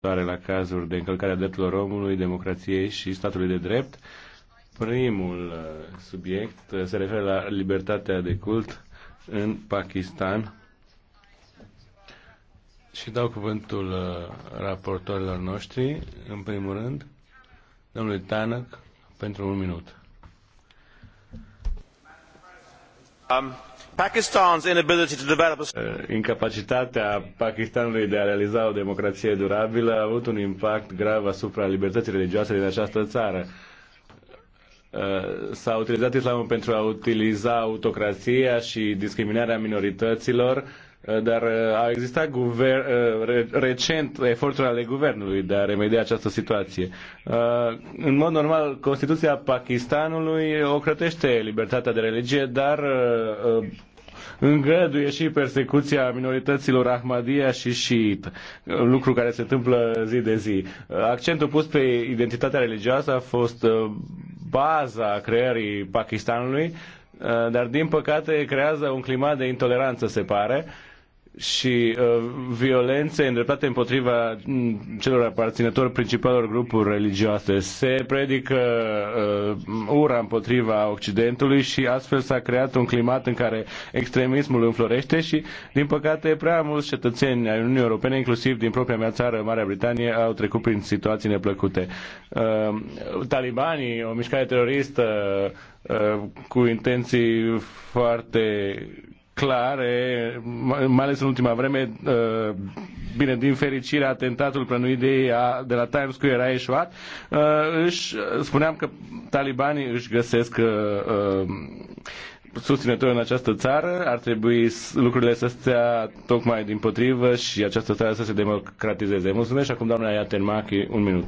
la cazuri de încălcare a drepturilor omului, democrației și statului de drept. Primul uh, subiect uh, se referă la libertatea de cult în Pakistan. Și dau cuvântul uh, raportorilor noștri, în primul rând, domnului Tanăc, pentru un minut. Um. Pakistan's inability to develop a... Uh, incapacitatea Pakistanului de a realiza o democrație durabilă a avut un impact grav asupra libertății religioase din această țară. Uh, s-a utilizat islamul pentru a utiliza autocrația și discriminarea minorităților, uh, dar au existat guver, recent eforturi ale guvernului de a remedia această situație. În mod normal, Constituția Pakistanului ocrătește libertatea de religie, dar îngăduie și persecuția minorităților Ahmadia și Shiit, lucru care se întâmplă zi de zi. Accentul pus pe identitatea religioasă a fost uh, baza creării Pakistanului, uh, dar din păcate creează un climat de intoleranță, se pare, și uh, violențe îndreptate împotriva mm, celor aparținători principalor grupuri religioase. Se predică uh, ura împotriva Occidentului și astfel s-a creat un climat în care extremismul înflorește și, din păcate, prea mulți cetățeni ai Uniunii Europene, inclusiv din propria mea țară, Marea Britanie, au trecut prin situații neplăcute. Uh, talibanii, o mișcare teroristă uh, cu intenții foarte clare, mai ales în ultima vreme, uh, bine, din fericire, atentatul plănuit de, ei de la Times Square a ieșuat, uh, își, spuneam că talibanii își găsesc uh, susținători în această țară, ar trebui lucrurile să stea tocmai din potrivă și această țară să se democratizeze. Mulțumesc și acum doamna Machi, un minut.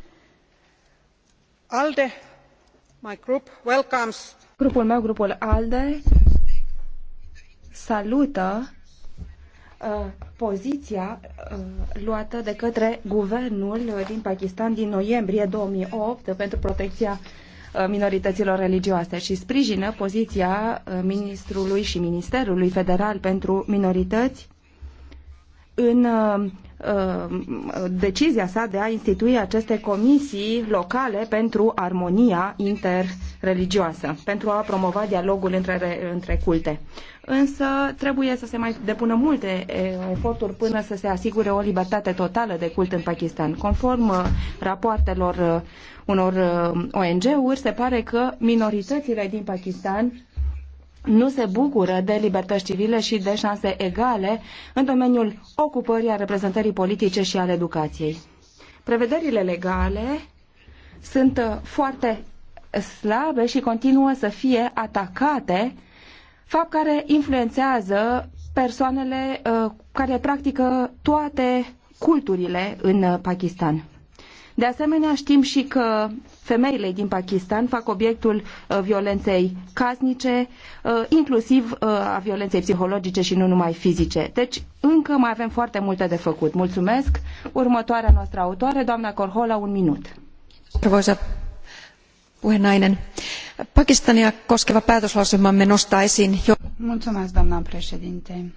ALDE, my group, welcomes. Grupul meu, grupul ALDE, salută uh, poziția uh, luată de către guvernul din Pakistan din noiembrie 2008 pentru protecția uh, minorităților religioase și sprijină poziția ministrului și Ministerului Federal pentru Minorități în Uh, decizia sa de a institui aceste comisii locale pentru armonia interreligioasă, pentru a promova dialogul între, între culte. Însă trebuie să se mai depună multe eforturi până să se asigure o libertate totală de cult în Pakistan. Conform uh, rapoartelor uh, unor ONG-uri, se pare că minoritățile din Pakistan nu se bucură de libertăți civile și de șanse egale în domeniul ocupării, a reprezentării politice și al educației. Prevederile legale sunt uh, foarte slabe și continuă să fie atacate, fapt care influențează persoanele uh, care practică toate culturile în uh, Pakistan. De asemenea, știm și că femeile din Pakistan fac obiectul uh, violenței casnice, uh, inclusiv uh, a violenței psihologice și nu numai fizice. Deci, încă mai avem foarte multe de făcut. Mulțumesc. Următoarea noastră autoare, doamna Corhola, un minut. Arvoisa puhenainen, Pakistania koskeva päätöslausumamme nostaa esiin jo... Mulțumesc, doamna președinte.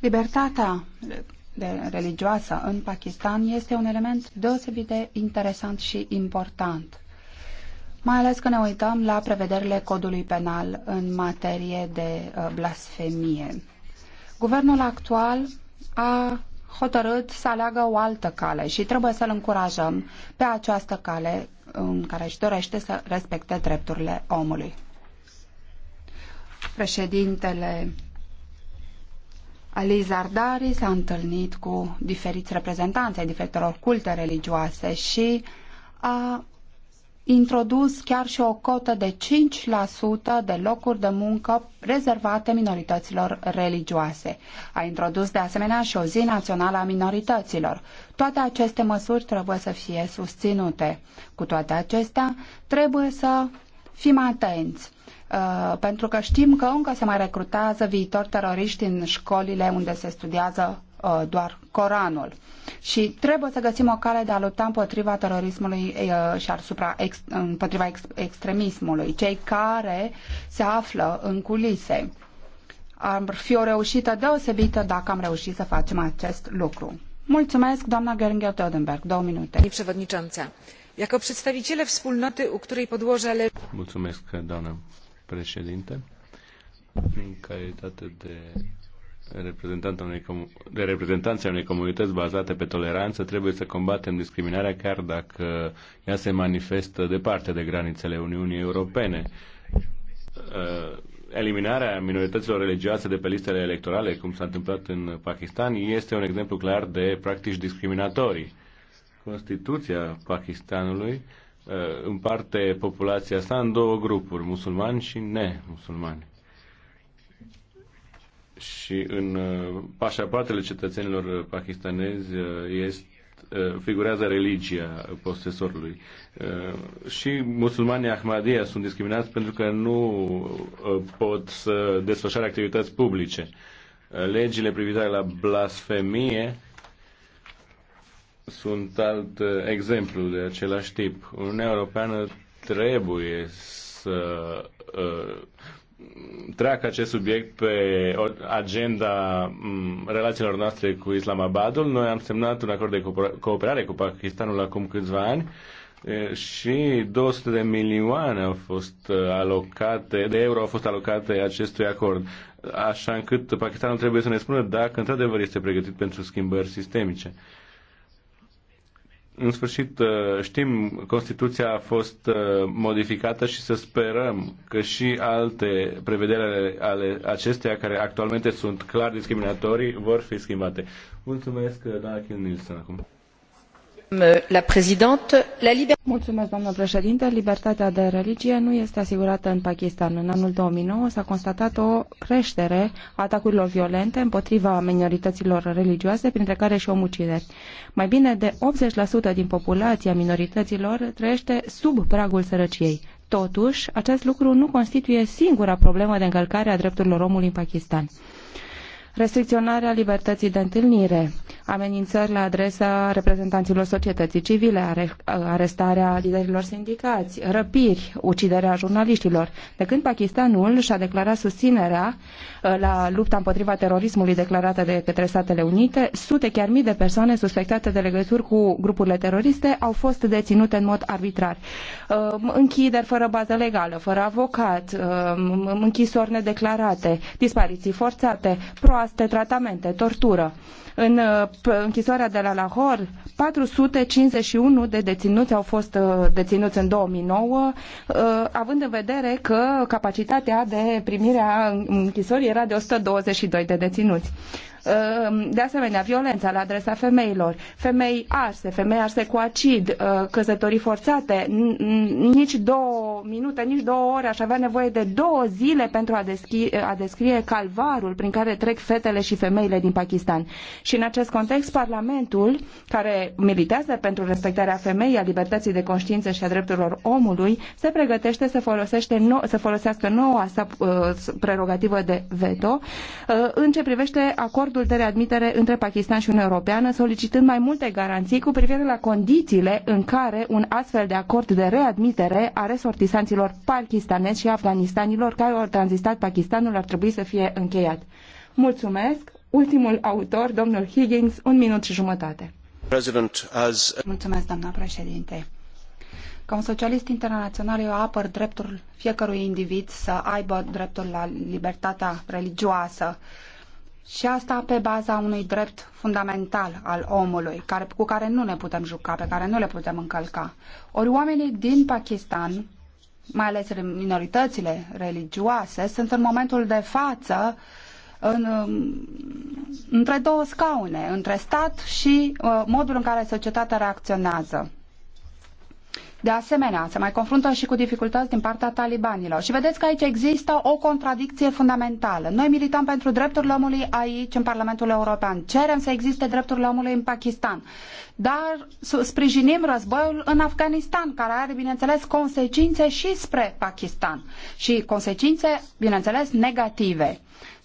Libertatea de religioasă în Pakistan este un element deosebit de interesant și important mai ales că ne uităm la prevederile codului penal în materie de uh, blasfemie. Guvernul actual a hotărât să aleagă o altă cale și trebuie să-l încurajăm pe această cale în care își dorește să respecte drepturile omului. Președintele Ali Zardari s-a întâlnit cu diferiți reprezentanți ai diferitelor culte religioase și a introdus chiar și o cotă de 5% de locuri de muncă rezervate minorităților religioase. A introdus de asemenea și o zi națională a minorităților. Toate aceste măsuri trebuie să fie susținute. Cu toate acestea, trebuie să fim atenți Uh, pentru că știm că încă se mai recrutează viitori teroriști în școlile unde se studiază uh, doar Coranul. Și trebuie să găsim o cale de a lupta împotriva terorismului uh, și asupra, împotriva ex, extremismului, cei care se află în culise. Ar fi o reușită deosebită dacă am reușit să facem acest lucru. Mulțumesc, doamna Geringer Teodenberg. Două minute. Jako przedstawiciele Mulțumesc, doamna președinte, în calitate de reprezentant unei de reprezentanți a unei comunități bazate pe toleranță, trebuie să combatem discriminarea chiar dacă ea se manifestă departe de granițele Uniunii Europene. Uh, eliminarea minorităților religioase de pe listele electorale, cum s-a întâmplat în Pakistan, este un exemplu clar de practici discriminatorii. Constituția Pakistanului Eh, împarte populația asta în două grupuri, musulmani și nemusulmani. Și în eh, pașapoartele cetățenilor pakistanezi eh, este figurează religia posesorului. Și musulmanii Ahmadiyya sunt discriminați pentru că nu pot să desfășoare activități publice. Legile privitoare la blasfemie sunt alt exemplu de același tip. Uniunea Europeană trebuie să uh, treacă acest subiect pe agenda mm, relațiilor noastre cu Islamabadul. Noi am semnat un acord de cooperare cu Pakistanul acum câțiva ani și 200 de milioane au fost uh, alocate, de euro au fost alocate acestui acord. Așa încât Pakistanul trebuie să ne spună dacă într-adevăr este pregătit pentru schimbări sistemice. În sfârșit, uh, știm, Constituția a fost uh, modificată și să sperăm că și alte prevederi ale, ale acesteia, care actualmente sunt clar discriminatorii, vor fi schimbate. Mulțumesc, uh, doamna Kim Nielsen, acum doamnă președinte. Libertatea de religie nu este asigurată în Pakistan. În anul nouă s-a constatat o creștere a atacurilor violente împotriva minorităților religioase, printre care și omucideri. Mai bine de 80% din populația minorităților trăiește sub pragul sărăciei. Totuși, acest lucru nu constituie singura problemă de încălcare a drepturilor omului în Pakistan restricționarea libertății de întâlnire, amenințări la adresa reprezentanților societății civile, arestarea liderilor sindicați, răpiri, uciderea jurnaliștilor. De când Pakistanul și-a declarat susținerea uh, la lupta împotriva terorismului declarată de către Statele Unite, sute chiar mii de persoane suspectate de legături cu grupurile teroriste au fost deținute în mod arbitrar. Uh, închideri fără bază legală, fără avocat, uh, închisori nedeclarate, dispariții forțate, proaste tratamente, tortură. În închisoarea de la Lahore, 451 de deținuți au fost uh, deținuți în 2009, uh, având în vedere că capacitatea de primire a închisorii era de 122 de deținuți. Ehm, de asemenea, violența la adresa femeilor, femei arse, femei arse cu acid, eh, căsătorii forțate, nici două minute, nici două ore, aș avea nevoie de două zile pentru a, deschi, a descrie calvarul prin care trec fetele și femeile din Pakistan. Și în acest context, Parlamentul, care militează pentru respectarea femeii, a libertății de conștiință și a drepturilor omului, se pregătește să, folosește no- să folosească noua sa eh, prerogativă de veto eh, în ce privește acordul acordul de readmitere între Pakistan și Uniunea Europeană, solicitând mai multe garanții cu privire la condițiile în care un astfel de acord de readmitere a resortisanților pakistanezi și afganistanilor care au tranzistat Pakistanul ar trebui să fie încheiat. Mulțumesc! Ultimul autor, domnul Higgins, un minut și jumătate. As... Mulțumesc, doamna președinte. Ca un socialist internațional, eu apăr dreptul fiecărui individ să aibă dreptul la libertatea religioasă și asta pe baza unui drept fundamental al omului, care, cu care nu ne putem juca, pe care nu le putem încălca. Ori oamenii din Pakistan, mai ales minoritățile religioase, sunt în momentul de față în, între două scaune, între stat și uh, modul în care societatea reacționează. De asemenea, se mai confruntă și cu dificultăți din partea talibanilor. Și vedeți că aici există o contradicție fundamentală. Noi milităm pentru drepturile omului aici, în Parlamentul European. Cerem să existe drepturile omului în Pakistan. Dar sprijinim războiul în Afganistan, care are, bineînțeles, consecințe și spre Pakistan. Și consecințe, bineînțeles, negative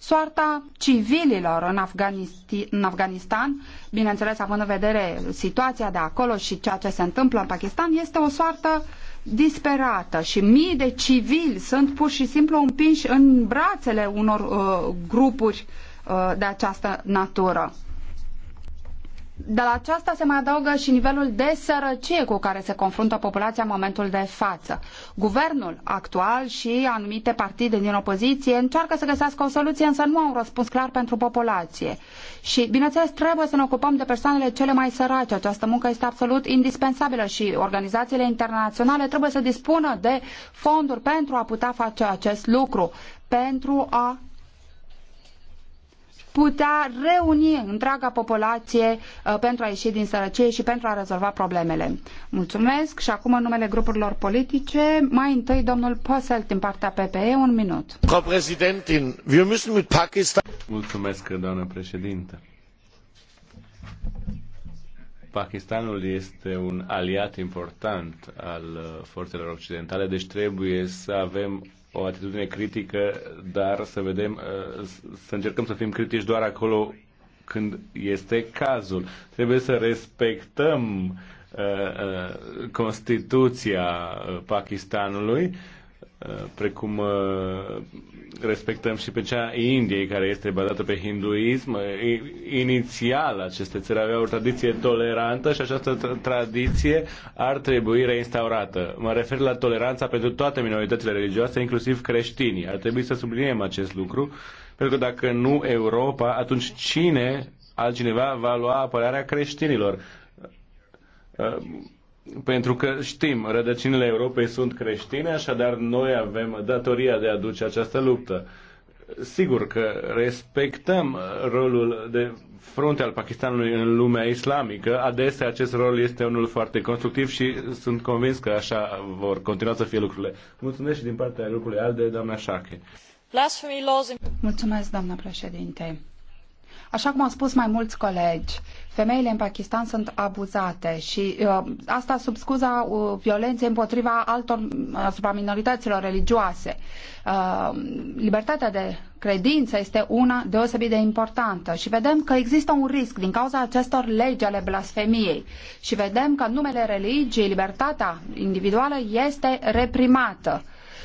soarta civililor în, Afganisti- în Afganistan, bineînțeles având în vedere situația de acolo și ceea ce se întâmplă în Pakistan, este o soartă disperată și mii de civili sunt pur și simplu împinși în brațele unor uh, grupuri uh, de această natură. Dar la aceasta se mai adaugă și nivelul de sărăcie cu care se confruntă populația în momentul de față. Guvernul actual și anumite partide din opoziție încearcă să găsească o soluție, însă nu au un răspuns clar pentru populație. Și, bineînțeles, trebuie să ne ocupăm de persoanele cele mai sărace. Această muncă este absolut indispensabilă și organizațiile internaționale trebuie să dispună de fonduri pentru a putea face acest lucru, pentru a putea reuni întreaga populație uh, pentru a ieși din sărăcie și pentru a rezolva problemele. Mulțumesc și acum în numele grupurilor politice, mai întâi domnul Posselt din partea PPE, un minut. Mulțumesc, doamnă președinte. Pakistanul este un aliat important al uh, forțelor occidentale, deci trebuie să avem o atitudine critică, dar să vedem, uh, să încercăm să fim critici doar acolo când este cazul. Trebuie să respectăm uh, uh, Constituția Pakistanului Uh, precum uh, respectăm și pe cea Indiei, care este bazată pe hinduism. Uh, inițial, aceste țări aveau o tradiție tolerantă și această tradiție ar trebui reinstaurată. Mă refer la toleranța pentru toate minoritățile religioase, inclusiv creștinii. Ar trebui să subliniem acest lucru, pentru că dacă nu Europa, atunci cine altcineva va lua apărarea creștinilor? pentru că știm, rădăcinile Europei sunt creștine, așadar noi avem datoria de a duce această luptă. Sigur că respectăm rolul de frunte al Pakistanului în lumea islamică. Adesea acest rol este unul foarte constructiv și sunt convins că așa vor continua să fie lucrurile. Mulțumesc și din partea grupului de doamna Șache. Mulțumesc, doamna președinte. Așa cum au spus mai mulți colegi, femeile în Pakistan sunt abuzate și uh, asta sub scuza uh, violenței împotriva altor, asupra minorităților religioase. Uh, libertatea de credință este una deosebit de importantă și vedem că există un risc din cauza acestor legi ale blasfemiei și vedem că numele religiei libertatea individuală este reprimată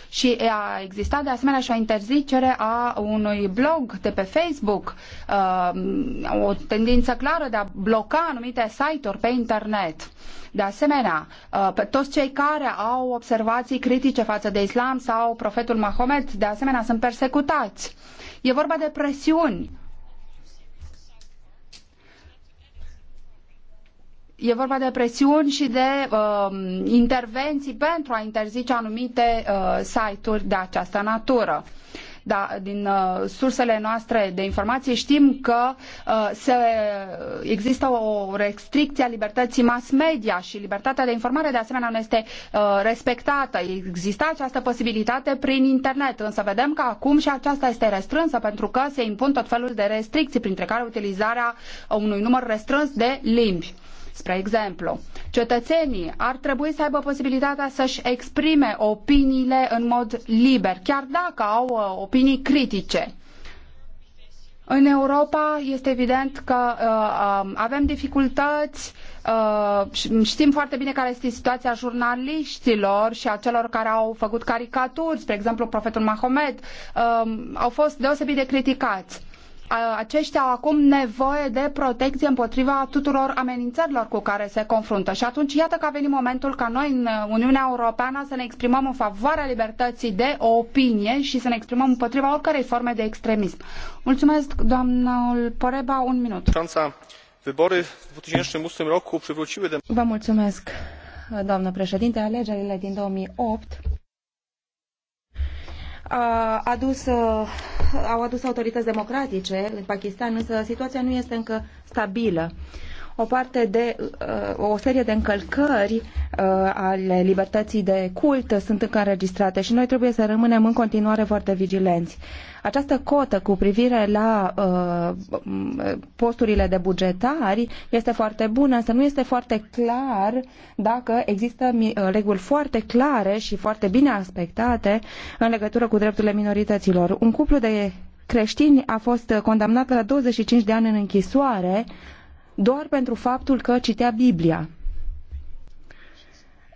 și a existat de asemenea și o interzicere a unui blog de pe Facebook, uh, o tendință clară de a bloca anumite site-uri pe internet. De asemenea, uh, pe toți cei care au observații critice față de islam sau profetul Mahomet, de asemenea, sunt persecutați. E vorba de presiuni E vorba de presiuni și de uh, intervenții pentru a interzice anumite uh, site-uri de această natură. Da, din uh, sursele noastre de informații știm că uh, se, există o restricție a libertății mass media și libertatea de informare de asemenea nu este uh, respectată. Exista această posibilitate prin internet, însă vedem că acum și aceasta este restrânsă pentru că se impun tot felul de restricții, printre care utilizarea unui număr restrâns de limbi. Spre exemplu, cetățenii ar trebui să aibă posibilitatea să-și exprime opiniile în mod liber, chiar dacă au uh, opinii critice. În Europa este evident că uh, um, avem dificultăți, uh, știm foarte bine care este situația jurnaliștilor și a celor care au făcut caricaturi, spre exemplu profetul Mahomet, uh, au fost deosebit de criticați aceștia au acum nevoie de protecție împotriva tuturor amenințărilor cu care se confruntă. Și atunci iată că a venit momentul ca noi în Uniunea Europeană să ne exprimăm în favoarea libertății de opinie și să ne exprimăm împotriva oricărei forme de extremism. Mulțumesc, doamnul Poreba, un minut. Wybory w roku przywróciły... Vă mulțumesc, doamnă președinte. Alegerile din 2008 adus, au adus autorități democratice în Pakistan, însă situația nu este încă stabilă o parte de uh, o serie de încălcări uh, ale libertății de cult sunt încă înregistrate și noi trebuie să rămânem în continuare foarte vigilenți. Această cotă cu privire la uh, posturile de bugetari este foarte bună, însă nu este foarte clar dacă există reguli foarte clare și foarte bine aspectate în legătură cu drepturile minorităților. Un cuplu de creștini a fost condamnat la 25 de ani în închisoare doar pentru faptul că citea Biblia.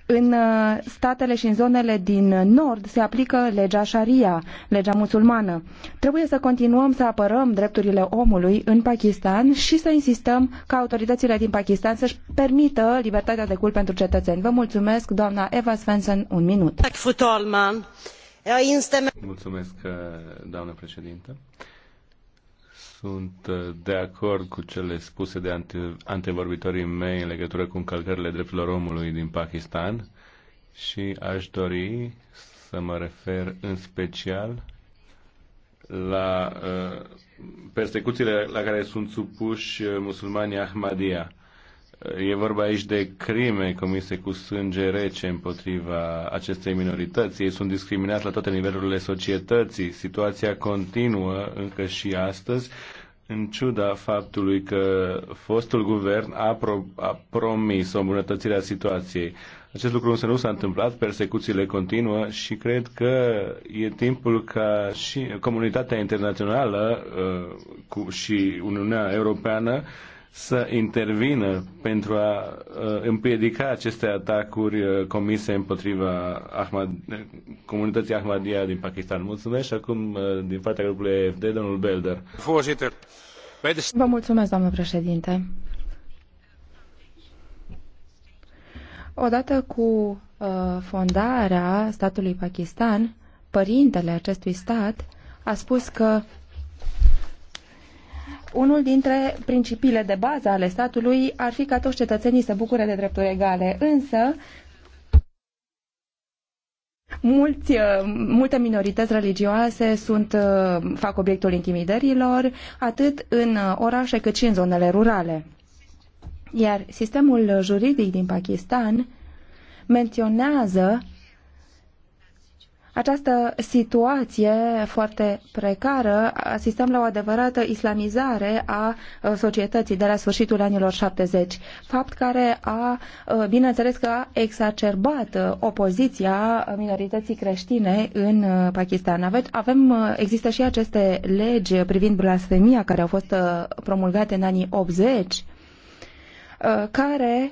În uh, statele și în zonele din nord se aplică legea Sharia, legea musulmană. Trebuie să continuăm să apărăm drepturile omului în Pakistan și să insistăm ca autoritățile din Pakistan să-și permită libertatea de cult pentru cetățeni. Vă mulțumesc, doamna Eva Svensson, un minut. Mulțumesc, uh, doamnă președintă. Sunt uh, de acord cu cele spuse de ante, antevorbitorii mei în legătură cu încălcările drepturilor omului din Pakistan și aș dori să mă refer în special la uh, persecuțiile la care sunt supuși uh, musulmanii Ahmadiyya E vorba aici de crime comise cu sânge rece împotriva acestei minorități. Ei sunt discriminați la toate nivelurile societății. Situația continuă încă și astăzi, în ciuda faptului că fostul guvern a, pro- a promis o îmbunătățire a situației. Acest lucru însă nu s-a întâmplat, persecuțiile continuă și cred că e timpul ca și comunitatea internațională uh, cu, și Uniunea Europeană uh, să intervină pentru a împiedica aceste atacuri comise împotriva Ahmad, comunității Ahmadia din Pakistan. Mulțumesc și acum din partea grupului EFD, domnul Belder. Vă mulțumesc, doamnă președinte. Odată cu uh, fondarea statului Pakistan, părintele acestui stat a spus că unul dintre principiile de bază ale statului ar fi ca toți cetățenii să bucure de drepturi egale, însă Mulți, uh, multe minorități religioase sunt, uh, fac obiectul intimidărilor, atât în uh, orașe cât și în zonele rurale. Iar sistemul juridic din Pakistan menționează această situație foarte precară, asistăm la o adevărată islamizare a uh, societății de la sfârșitul anilor 70, fapt care a, uh, bineînțeles că a exacerbat uh, opoziția minorității creștine în Pakistan. Avem, există și aceste legi privind blasfemia care au fost promulgate în anii 80, care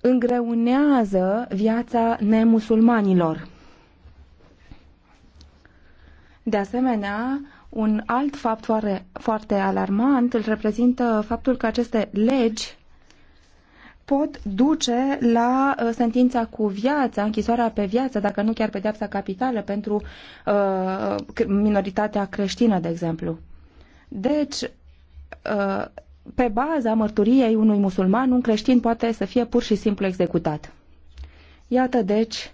îngreunează viața nemusulmanilor de asemenea, un alt fapt foarte, foarte alarmant îl reprezintă faptul că aceste legi pot duce la uh, sentința cu viața, închisoarea pe viață, dacă nu chiar pedeapsa capitală pentru uh, minoritatea creștină, de exemplu. Deci, uh, pe baza mărturiei unui musulman, un creștin poate să fie pur și simplu executat. Iată, deci,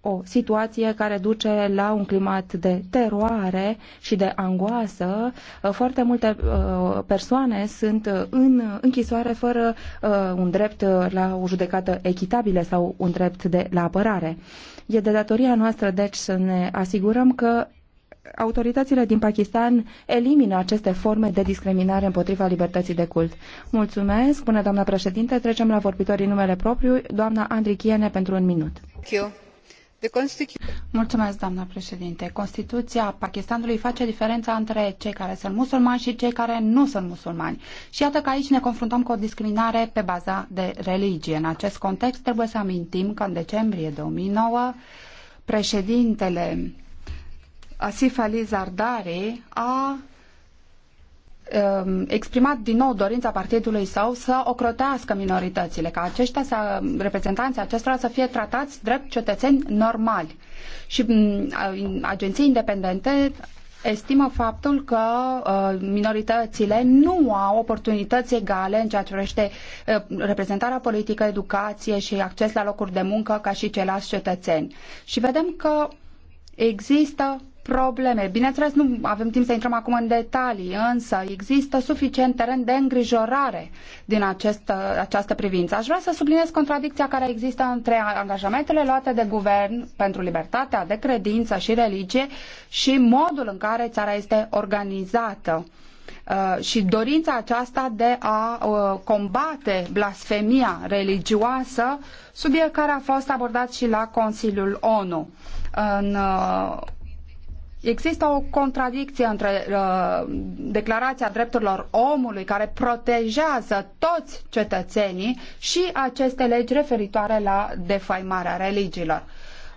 o situație care duce la un climat de teroare și de angoasă. Uh, foarte multe uh, persoane sunt uh, în închisoare fără un drept la o judecată echitabilă sau un drept de la apărare. E de datoria noastră, deci, să ne asigurăm că autoritățile din Pakistan elimină aceste forme de discriminare împotriva libertății de cult. Mulțumesc, spune doamna președinte. Trecem la vorbitorii numele propriu, doamna Andrichiene, pentru un minut. Thank you. Mulțumesc, doamnă președinte. Constituția Pakistanului face diferența între cei care sunt musulmani și cei care nu sunt musulmani. Și iată că aici ne confruntăm cu o discriminare pe baza de religie. În acest context trebuie să amintim că în decembrie 2009 președintele Asif Ali Zardari a Um, exprimat din nou dorința partidului său să ocrotească minoritățile, ca aceștia, să, reprezentanții acestora să fie tratați drept cetățeni normali. Și um, agenții independente estimă faptul că uh, minoritățile nu au oportunități egale în ceea ce privește uh, reprezentarea politică, educație și acces la locuri de muncă ca și ceilalți cetățeni. Și vedem că există probleme. Bineînțeles, nu avem timp să intrăm acum în detalii, însă există suficient teren de îngrijorare din acest, această privință. Aș vrea să subliniez contradicția care există între angajamentele luate de guvern pentru libertatea de credință și religie și modul în care țara este organizată uh, și dorința aceasta de a uh, combate blasfemia religioasă, subiect care a fost abordat și la Consiliul ONU. În uh, Există o contradicție între uh, Declarația Drepturilor Omului, care protejează toți cetățenii, și aceste legi referitoare la defaimarea religiilor.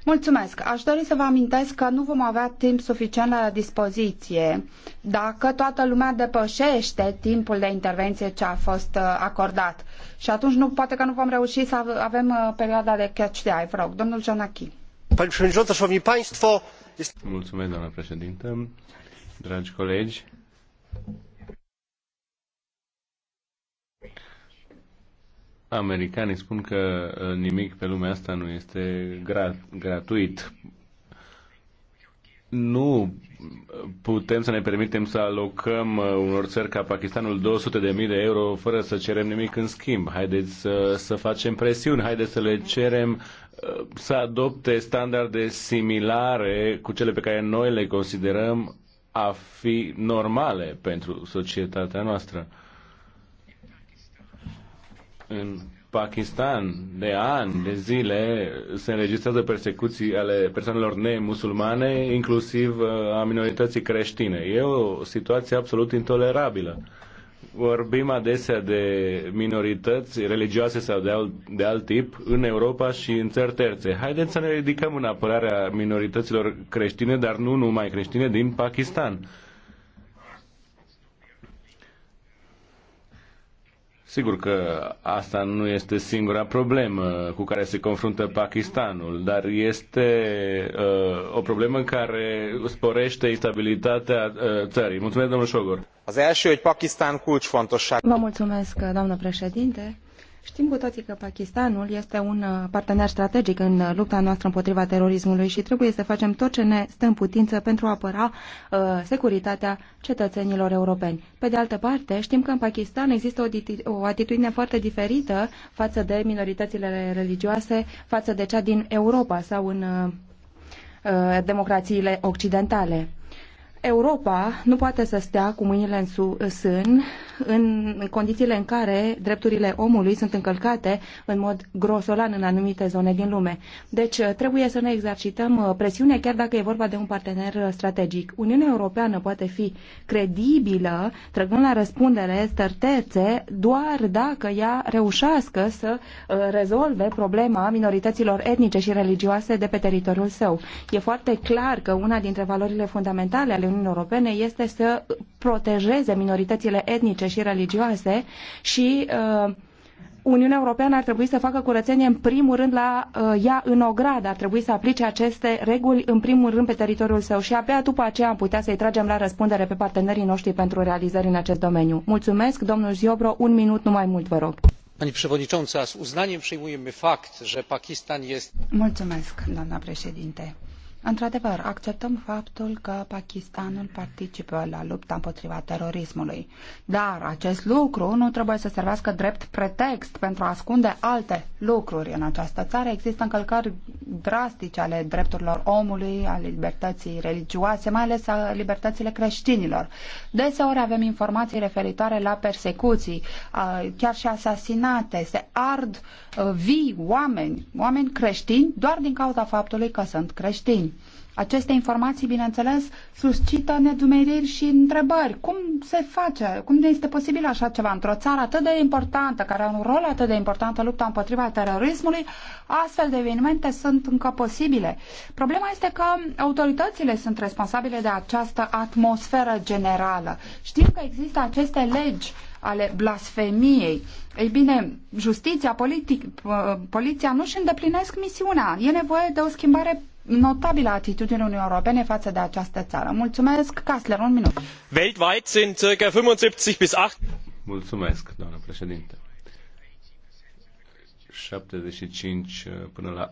Mulțumesc. Aș dori să vă amintesc că nu vom avea timp suficient la dispoziție dacă toată lumea depășește timpul de intervenție ce a fost uh, acordat. Și atunci nu, poate că nu vom reuși să avem uh, perioada de catch the eye. Vă rog, domnul Janaki. Pani Przewodnicząca, Szanowni Państwo, Mulțumesc, doamna președintă. Dragi colegi, americanii spun că uh, nimic pe lumea asta nu este grat, gratuit nu putem să ne permitem să alocăm uh, unor țări ca Pakistanul 200.000 de euro fără să cerem nimic în schimb. Haideți să, să facem presiuni, haideți să le cerem uh, să adopte standarde similare cu cele pe care noi le considerăm a fi normale pentru societatea noastră. În Pakistan de ani, de zile, se înregistrează persecuții ale persoanelor nemusulmane, inclusiv uh, a minorității creștine. E o situație absolut intolerabilă. Vorbim adesea de minorități religioase sau de alt, de alt tip în Europa și în țări terțe. Haideți să ne ridicăm în apărarea minorităților creștine, dar nu numai creștine, din Pakistan Sigur că asta nu este singura problemă cu care se confruntă Pakistanul, dar este uh, o problemă care sporește instabilitatea uh, țării. Mulțumesc, domnul Șogor. Vă mulțumesc, doamnă președinte. Știm cu toții că Pakistanul este un uh, partener strategic în uh, lupta noastră împotriva terorismului și trebuie să facem tot ce ne stă în putință pentru a apăra uh, securitatea cetățenilor europeni. Pe de altă parte, știm că în Pakistan există o, o atitudine foarte diferită față de minoritățile religioase, față de cea din Europa sau în uh, uh democrațiile occidentale. Europa nu poate să stea cu mâinile în sân în condițiile în care drepturile omului sunt încălcate în mod grosolan în anumite zone din lume. Deci uh, trebuie să ne exercităm uh, presiune chiar dacă e vorba de un partener uh, strategic. Uniunea Europeană poate fi credibilă, trăgând la răspundere stărtețe, doar dacă ea reușească să rezolve problema minorităților etnice și religioase de pe teritoriul său. E foarte clar că una dintre valorile fundamentale ale Uniunii Europene este să protejeze minoritățile etnice și religioase și uh, Uniunea Europeană ar trebui să facă curățenie în primul rând la uh, ea în ogradă, ar trebui să aplice aceste reguli în primul rând pe teritoriul său și abia după aceea am putea să-i tragem la răspundere pe partenerii noștri pentru realizări în acest domeniu. Mulțumesc, domnul Ziobro, un minut, nu mai mult, vă rog. Pani przewodnicząca, z uznaniem przyjmujemy fakt, że Pakistan jest... Mulțumesc, doamna președinte. Într-adevăr, acceptăm faptul că Pakistanul participă la lupta împotriva terorismului, dar acest lucru nu trebuie să servească drept pretext pentru a ascunde alte lucruri. În această țară există încălcări drastice ale drepturilor omului, ale libertății religioase, mai ales a libertățile creștinilor. Deseori avem informații referitoare la persecuții, chiar și asasinate. Se ard vii oameni, oameni creștini, doar din cauza faptului că sunt creștini. Aceste informații, bineînțeles, suscită nedumeriri și întrebări. Cum se face? Cum este posibil așa ceva într-o țară atât de importantă, care are un rol atât de important în lupta împotriva terorismului? Astfel de evenimente sunt încă posibile. Problema este că autoritățile sunt responsabile de această atmosferă generală. Știm că există aceste legi ale blasfemiei. Ei bine, justiția, politic, uh, poliția nu își îndeplinesc misiunea. E nevoie de o schimbare notabilă atitudine Uniunii Europene față de această țară. Mulțumesc, Kassler, un minut. Weltweit sind circa 75 bis 8 Mulțumesc, doamnă președinte. 75 până la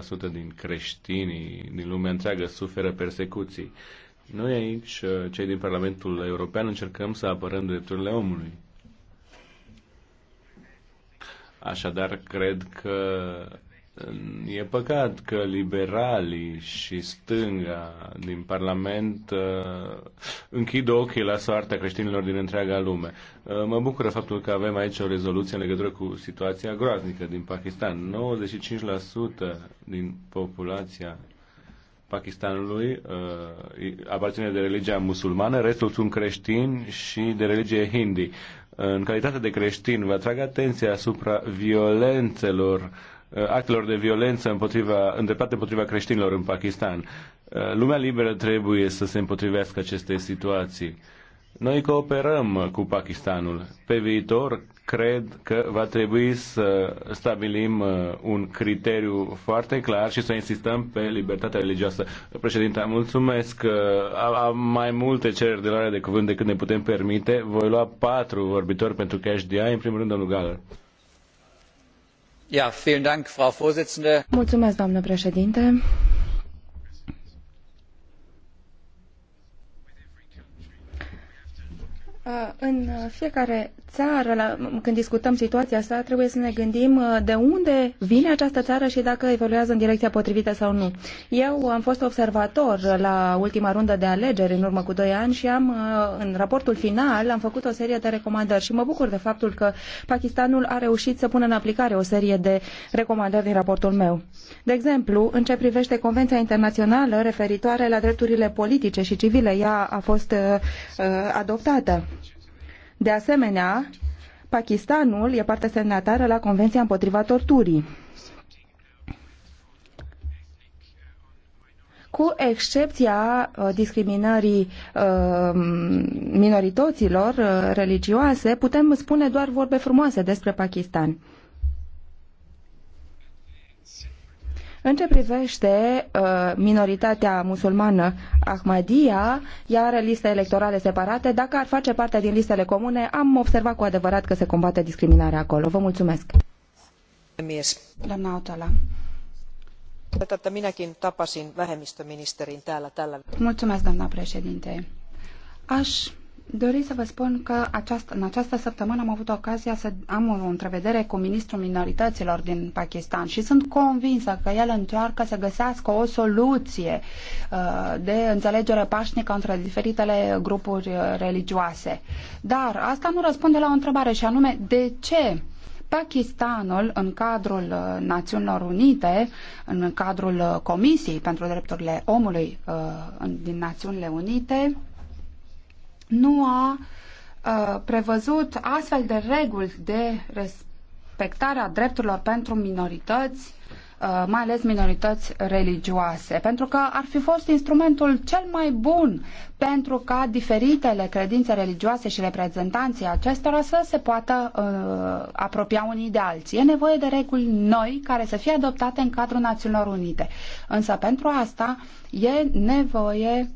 80% din creștinii din lumea întreagă suferă persecuții. Noi aici, cei din Parlamentul European, încercăm să apărăm drepturile omului. Așadar, cred că E păcat că liberalii și stânga din Parlament uh, închid ochii la soarta creștinilor din întreaga lume. Uh, mă bucură faptul că avem aici o rezoluție în legătură cu situația groaznică din Pakistan. 95% din populația Pakistanului uh, aparține de religia musulmană, restul sunt creștini și de religie hindi. în calitate de creștin, vă atrag atenția asupra violențelor uh, Uh, actelor de violență împotriva, îndreptate împotriva creștinilor în Pakistan. Uh, lumea liberă trebuie să se împotrivească acestei situații. Noi cooperăm cu Pakistanul. Pe viitor, cred că va trebui să stabilim uh, un criteriu foarte clar și să insistăm pe libertatea religioasă. Președinte, mulțumesc. Am mai multe cereri de luare de cuvânt decât ne putem permite. Voi lua patru vorbitori pentru cash DI. În primul rând, domnul Galer. Ja, vielen Dank, Frau Vorsitzende. Mulțumesc, doamnă președinte. Uh, în fiecare țară, la, când discutăm situația asta, trebuie să ne gândim uh, de unde vine această țară și dacă evoluează în direcția potrivită sau nu. Eu am fost observator la ultima rundă de alegeri în urmă cu doi ani și am, uh, în raportul final, am făcut o serie de recomandări și mă bucur de faptul că Pakistanul a reușit să pună în aplicare o serie de recomandări din raportul meu. De exemplu, în ce privește Convenția Internațională referitoare la drepturile politice și civile, ea a fost uh, uh adoptată. De asemenea, Pakistanul e parte semnatară la Convenția împotriva torturii. cu excepția uh, discriminării uh, minorităților uh, religioase, putem spune doar vorbe frumoase despre Pakistan. În ce privește uh, minoritatea musulmană Ahmadia, ea are liste electorale separate. Dacă ar face parte din listele comune, am observat cu adevărat că se combate discriminarea acolo. Vă mulțumesc. Minäkin tapasin tällä. Mulțumesc, doamna președinte. Aș dori să vă spun că această, în această săptămână am avut ocazia să am o întrevedere cu ministrul minorităților din Pakistan și sunt convinsă că el încearcă să găsească o soluție uh, de înțelegere pașnică între diferitele grupuri uh, religioase. Dar asta nu răspunde la o întrebare și anume de ce Pakistanul, în cadrul uh, Națiunilor Unite, în cadrul uh, Comisiei pentru Drepturile Omului din Națiunile Unite, nu a uh, prevăzut astfel de reguli de respectare a drepturilor pentru minorități, uh, mai ales minorități religioase, pentru că ar fi fost instrumentul cel mai bun pentru ca diferitele credințe religioase și reprezentanții acestora să se poată uh, apropia unii de alții. E nevoie de reguli noi care să fie adoptate în cadrul Națiunilor Unite. Însă pentru asta e nevoie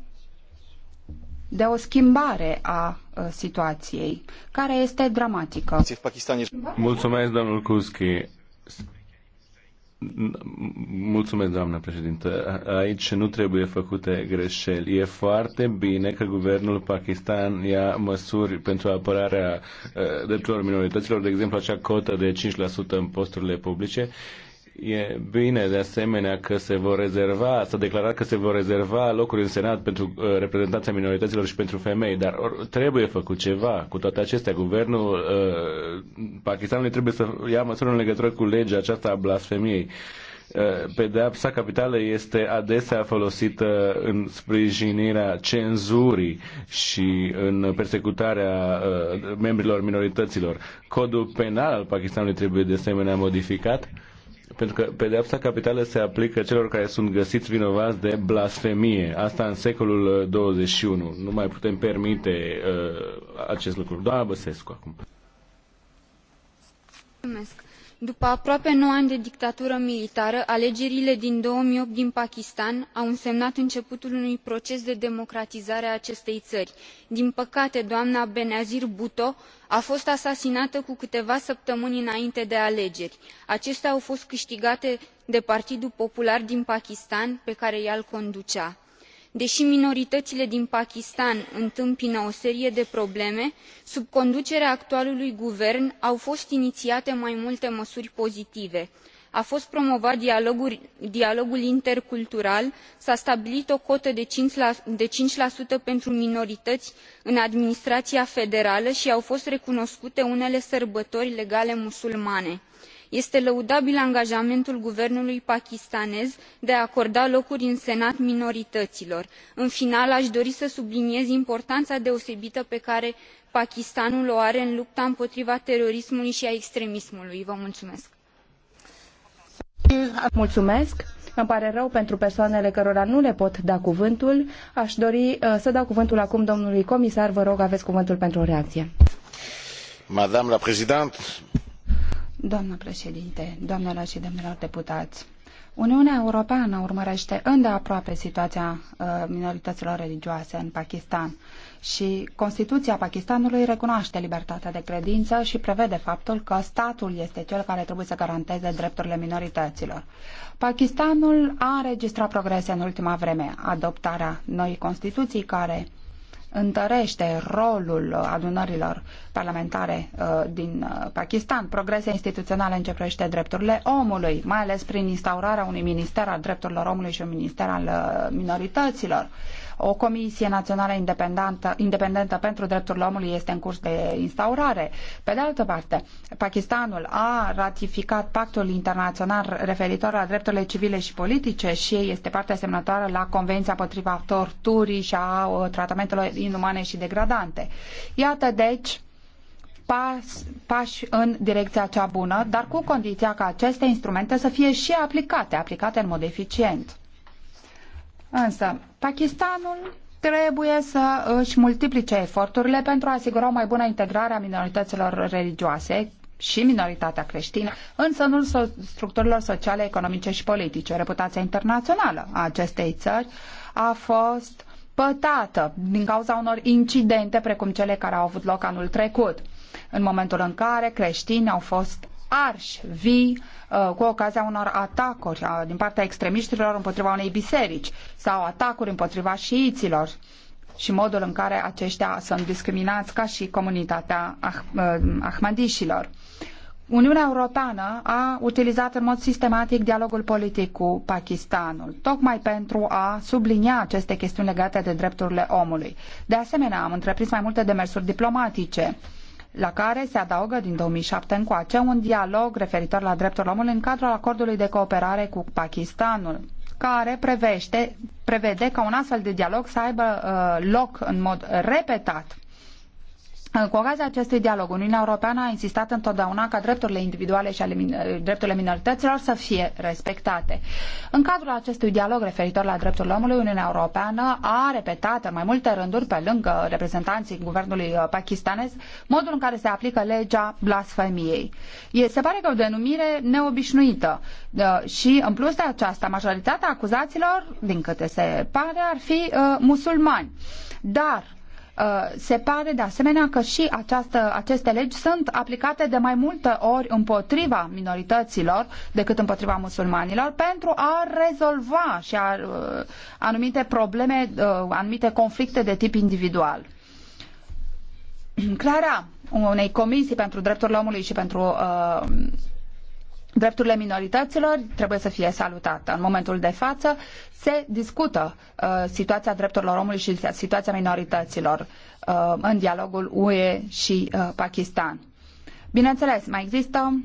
de o schimbare a uh, situației, care este dramatică. Mulțumesc, domnul Kuski. Mulțumesc, doamnă președintă. Aici nu trebuie făcute greșeli. E foarte bine că guvernul Pakistan ia măsuri pentru apărarea uh, drepturilor minorităților, de exemplu acea cotă de 5% în posturile publice. Uh, E bine, de asemenea, că se vor rezerva, s-a declarat că se vor rezerva locuri în Senat pentru uh, reprezentanța minorităților și pentru femei, dar or, trebuie făcut ceva cu toate acestea. Guvernul uh, Pakistanului trebuie să ia măsuri în legătură cu legea aceasta a blasfemiei. Uh, pedeapsa capitală este adesea folosită în sprijinirea cenzurii și în persecutarea uh, membrilor minorităților. Codul penal al Pakistanului trebuie de asemenea modificat pentru că pedeapsa capitală se aplică celor care sunt găsiți vinovați de blasfemie. Asta în secolul 21. Uh, nu mai putem permite uh, acest lucru. Doamna Băsescu acum. Mulțumesc după aproape nouă ani de dictatură militară alegerile din două mii opt din pakistan au însemnat începutul unui proces de democratizare a acestei ări. din păcate doamna benazir bhutto a fost asasinată cu câteva săptămâni înainte de alegeri. acestea au fost câtigate de partidul popular din pakistan pe care ea îl conducea dei minorităile din pakistan întâmpină o serie de probleme sub conducerea actualului guvern au fost iniiate mai multe măsuri pozitive a fost promovat dialogul intercultural s a stabilit o cotă de cinci pentru minorităi în administraia federală i au fost recunoscute unele sărbători legale musulmane este lăudabil angajamentul guvernului pakistanez de a acorda locuri în senat minorităților. în final aș dori să subliniez importanța deosebită pe care pakistanul o are în lupta împotriva terorismului și a extremismului. Vă mulțumesc. mulțumesc. Îmi pare rău pentru persoanele cărora nu le pot da cuvântul. Aș dori uh, să dau cuvântul acum domnului comisar. Vă rog, aveți cuvântul pentru o reacție. Doamnă președinte, doamnelor și domnilor deputați, Uniunea Europeană urmărește îndeaproape situația uh, minorităților religioase în Pakistan și Constituția Pakistanului recunoaște libertatea de credință și prevede faptul că statul este cel care trebuie să garanteze drepturile minorităților. Pakistanul a înregistrat progrese în ultima vreme, adoptarea noii Constituții care întărește rolul adunărilor parlamentare uh, din uh, Pakistan, progrese instituționale în ce privește drepturile omului, mai ales prin instaurarea unui minister al drepturilor omului și un minister al uh, minorităților. O comisie națională independentă, independentă pentru drepturile omului este în curs de instaurare. Pe de altă parte, Pakistanul a ratificat pactul internațional referitor la drepturile civile și politice și este parte semnătoare la Convenția împotriva torturii și a tratamentelor inumane și degradante. Iată, deci, pas, pași în direcția cea bună, dar cu condiția ca aceste instrumente să fie și aplicate, aplicate în mod eficient. Însă, Pakistanul trebuie să își multiplice eforturile pentru a asigura o mai bună integrare a minorităților religioase și minoritatea creștină în sânul structurilor sociale, economice și politice. Reputația internațională a acestei țări a fost pătată din cauza unor incidente precum cele care au avut loc anul trecut, în momentul în care creștini au fost arși vii uh, cu ocazia unor atacuri uh, din partea extremiștilor împotriva unei biserici sau atacuri împotriva șiiților și modul în care aceștia sunt discriminați ca și comunitatea ah- ahmadișilor. Uniunea Europeană a utilizat în mod sistematic dialogul politic cu Pakistanul, tocmai pentru a sublinia aceste chestiuni legate de drepturile omului. De asemenea, am întreprins mai multe demersuri diplomatice la care se adaugă din 2007 încoace un dialog referitor la drepturile omului în cadrul acordului de cooperare cu Pakistanul, care prevește, prevede ca un astfel de dialog să aibă uh, loc în mod repetat cu ocazia acestui dialog, Uniunea Europeană a insistat întotdeauna ca drepturile individuale și ale drepturile minorităților să fie respectate. În cadrul acestui dialog referitor la drepturile omului, Uniunea Europeană a repetat în mai multe rânduri, pe lângă reprezentanții guvernului uh, pakistanez, modul în care se aplică legea blasfemiei. Se pare că o denumire neobișnuită uh, și, în plus de aceasta, majoritatea acuzaților, din câte se pare, ar fi uh, musulmani. Dar Uh, se pare de asemenea că și această, aceste legi sunt aplicate de mai multe ori împotriva minorităților decât împotriva musulmanilor pentru a rezolva și a, uh, anumite probleme, uh, anumite conflicte de tip individual. Clara unei comisii pentru drepturile omului și pentru uh, Drepturile minorităților trebuie să fie salutate. În momentul de față se discută uh, situația drepturilor omului și situația minorităților uh, în dialogul UE și uh, Pakistan. Bineînțeles, mai există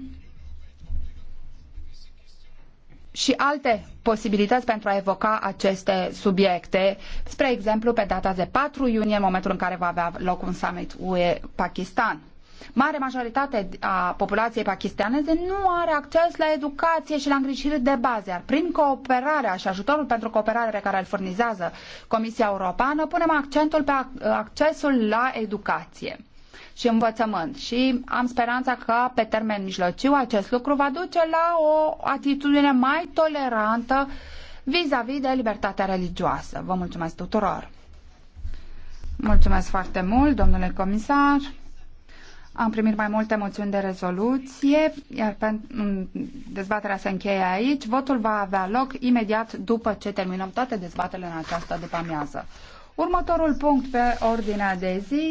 și alte posibilități pentru a evoca aceste subiecte, spre exemplu pe data de 4 iunie, în momentul în care va avea loc un summit UE-Pakistan mare majoritate a populației pakistaneze nu are acces la educație și la îngrijire de bază, iar prin cooperarea și ajutorul pentru cooperare care îl furnizează Comisia Europeană, punem accentul pe accesul la educație și învățământ. Și am speranța că pe termen mijlociu acest lucru va duce la o atitudine mai tolerantă vis-a-vis -vis de libertatea religioasă. Vă mulțumesc tuturor! Mulțumesc foarte mult, domnule comisar! Am primit mai multe moțiuni de rezoluție, iar dezbaterea se încheie aici. Votul va avea loc imediat după ce terminăm toate dezbaterile în această după amiază. Următorul punct pe ordinea de zi